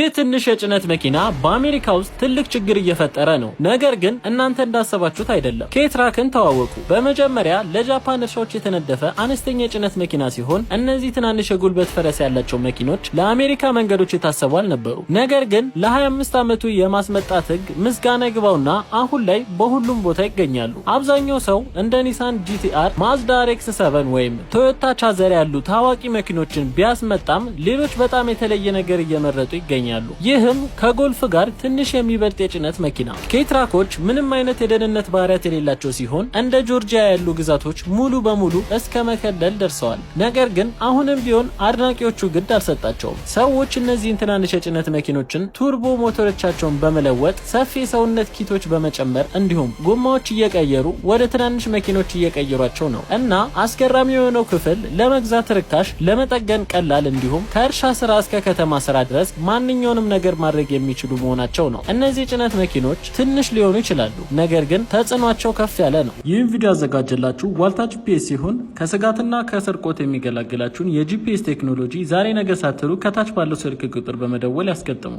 ይህ ትንሽ የጭነት መኪና በአሜሪካ ውስጥ ትልቅ ችግር እየፈጠረ ነው። ነገር ግን እናንተ እንዳሰባችሁት አይደለም። ኬትራክን ተዋወቁ። በመጀመሪያ ለጃፓን እርሻዎች የተነደፈ አነስተኛ የጭነት መኪና ሲሆን እነዚህ ትናንሽ የጉልበት ፈረስ ያላቸው መኪኖች ለአሜሪካ መንገዶች የታሰቡ አልነበሩ። ነገር ግን ለ25 ዓመቱ የማስመጣት ህግ ምስጋና ይግባውና አሁን ላይ በሁሉም ቦታ ይገኛሉ። አብዛኛው ሰው እንደ ኒሳን ጂቲአር፣ ማዝዳ ሬክስ ወይም ቶዮታ ቻዘር ያሉ ታዋቂ መኪኖችን ቢያስመጣም ሌሎች በጣም የተለየ ነገር እየመረጡ ይገኛል። ይገኛሉ። ይህም ከጎልፍ ጋር ትንሽ የሚበልጥ የጭነት መኪና ኬትራኮች ምንም አይነት የደህንነት ባህሪያት የሌላቸው ሲሆን እንደ ጆርጂያ ያሉ ግዛቶች ሙሉ በሙሉ እስከ መከለል ደርሰዋል። ነገር ግን አሁንም ቢሆን አድናቂዎቹ ግድ አልሰጣቸውም። ሰዎች እነዚህን ትናንሽ የጭነት መኪኖችን ቱርቦ ሞተሮቻቸውን በመለወጥ ሰፊ የሰውነት ኪቶች በመጨመር እንዲሁም ጎማዎች እየቀየሩ ወደ ትናንሽ መኪኖች እየቀየሯቸው ነው እና አስገራሚ የሆነው ክፍል ለመግዛት ርካሽ፣ ለመጠገን ቀላል እንዲሁም ከእርሻ ስራ እስከ ከተማ ስራ ድረስ ማን ማንኛውንም ነገር ማድረግ የሚችሉ መሆናቸው ነው። እነዚህ ጭነት መኪኖች ትንሽ ሊሆኑ ይችላሉ፣ ነገር ግን ተጽዕኗቸው ከፍ ያለ ነው። ይህን ቪዲዮ ያዘጋጀላችሁ ዋልታ ጂፒኤስ ሲሆን ከስጋትና ከስርቆት የሚገላግላችሁን የጂፒኤስ ቴክኖሎጂ ዛሬ ነገ ሳትሉ ከታች ባለው ስልክ ቁጥር በመደወል ያስገጥሙ።